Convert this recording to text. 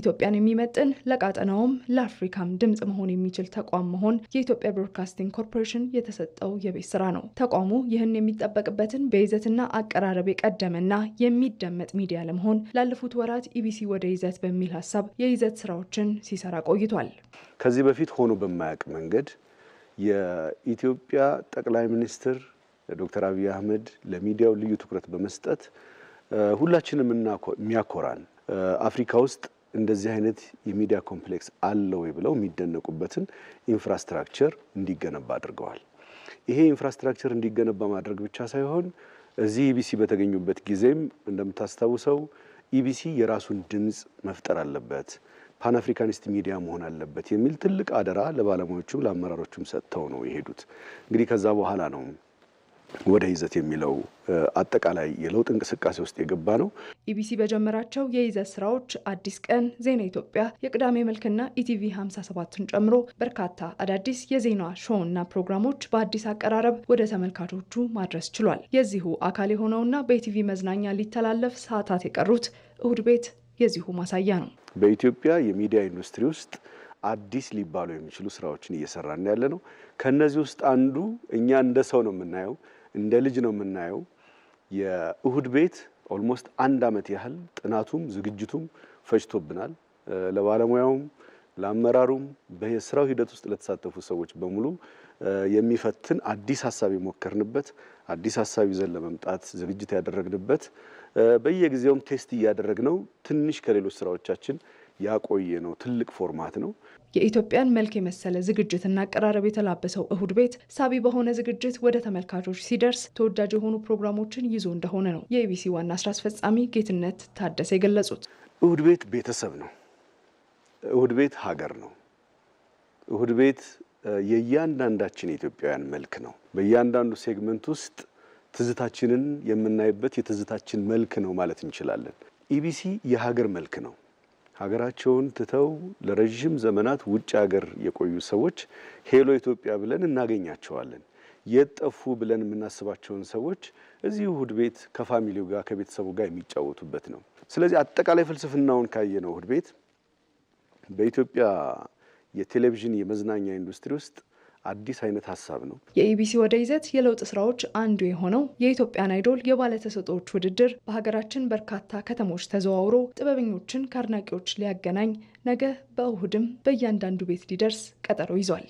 ኢትዮጵያን የሚመጥን ለቀጠናውም ለአፍሪካም ድምጽ መሆን የሚችል ተቋም መሆን የኢትዮጵያ ብሮድካስቲንግ ኮርፖሬሽን የተሰጠው የቤት ስራ ነው። ተቋሙ ይህን የሚጠበቅበትን በይዘትና አቀራረብ የቀደመና የሚደመጥ ሚዲያ ለመሆን ላለፉት ወራት ኢቢሲ ወደ ይዘት በሚል ሀሳብ የይዘት ስራዎችን ሲሰራ ቆይቷል። ከዚህ በፊት ሆኖ በማያውቅ መንገድ የኢትዮጵያ ጠቅላይ ሚኒስትር ዶክተር አብይ አህመድ ለሚዲያው ልዩ ትኩረት በመስጠት ሁላችንም የሚያኮራን አፍሪካ ውስጥ እንደዚህ አይነት የሚዲያ ኮምፕሌክስ አለ ወይ ብለው የሚደነቁበትን ኢንፍራስትራክቸር እንዲገነባ አድርገዋል። ይሄ ኢንፍራስትራክቸር እንዲገነባ ማድረግ ብቻ ሳይሆን እዚህ ኢቢሲ በተገኙበት ጊዜም እንደምታስታውሰው ኢቢሲ የራሱን ድምፅ መፍጠር አለበት፣ ፓን አፍሪካኒስት ሚዲያ መሆን አለበት የሚል ትልቅ አደራ ለባለሙያዎቹም ለአመራሮቹም ሰጥተው ነው የሄዱት። እንግዲህ ከዛ በኋላ ነው ወደ ይዘት የሚለው አጠቃላይ የለውጥ እንቅስቃሴ ውስጥ የገባ ነው። ኢቢሲ በጀመራቸው የይዘት ስራዎች አዲስ ቀን፣ ዜና ኢትዮጵያ፣ የቅዳሜ መልክና ኢቲቪ 57ን ጨምሮ በርካታ አዳዲስ የዜና ሾውና ፕሮግራሞች በአዲስ አቀራረብ ወደ ተመልካቾቹ ማድረስ ችሏል። የዚሁ አካል የሆነውና በኢቲቪ መዝናኛ ሊተላለፍ ሰዓታት የቀሩት እሁድ ቤት የዚሁ ማሳያ ነው። በኢትዮጵያ የሚዲያ ኢንዱስትሪ ውስጥ አዲስ ሊባሉ የሚችሉ ስራዎችን እየሰራን ያለ ነው። ከእነዚህ ውስጥ አንዱ እኛ እንደ ሰው ነው የምናየው እንደ ልጅ ነው የምናየው። የእሁድ ቤት ኦልሞስት አንድ አመት ያህል ጥናቱም ዝግጅቱም ፈጅቶብናል። ለባለሙያውም ለአመራሩም በስራው ሂደት ውስጥ ለተሳተፉ ሰዎች በሙሉ የሚፈትን አዲስ ሀሳብ የሞከርንበት አዲስ ሀሳብ ይዘን ለመምጣት ዝግጅት ያደረግንበት በየጊዜውም ቴስት እያደረግነው ትንሽ ከሌሎች ስራዎቻችን ያቆየ ነው። ትልቅ ፎርማት ነው። የኢትዮጵያን መልክ የመሰለ ዝግጅትና አቀራረብ የተላበሰው እሁድ ቤት ሳቢ በሆነ ዝግጅት ወደ ተመልካቾች ሲደርስ ተወዳጅ የሆኑ ፕሮግራሞችን ይዞ እንደሆነ ነው የኢቢሲ ዋና ስራ አስፈጻሚ ጌትነት ታደሰ የገለጹት። እሁድ ቤት ቤተሰብ ነው። እሁድ ቤት ሀገር ነው። እሁድ ቤት የእያንዳንዳችን የኢትዮጵያውያን መልክ ነው። በእያንዳንዱ ሴግመንት ውስጥ ትዝታችንን የምናይበት የትዝታችን መልክ ነው ማለት እንችላለን። ኢቢሲ የሀገር መልክ ነው። ሀገራቸውን ትተው ለረዥም ዘመናት ውጭ ሀገር የቆዩ ሰዎች ሄሎ ኢትዮጵያ ብለን እናገኛቸዋለን። የጠፉ ብለን የምናስባቸውን ሰዎች እዚህ እሁድ ቤት ከፋሚሊው ጋር ከቤተሰቡ ጋር የሚጫወቱበት ነው። ስለዚህ አጠቃላይ ፍልስፍናውን ካየነው እሁድ ቤት በኢትዮጵያ የቴሌቪዥን የመዝናኛ ኢንዱስትሪ ውስጥ አዲስ አይነት ሀሳብ ነው። የኢቢሲ ወደ ይዘት የለውጥ ስራዎች አንዱ የሆነው የኢትዮጵያን አይዶል የባለተሰጦዎች ውድድር በሀገራችን በርካታ ከተሞች ተዘዋውሮ ጥበበኞችን ከአድናቂዎች ሊያገናኝ ነገ በእሁድም በእያንዳንዱ ቤት ሊደርስ ቀጠሮ ይዟል።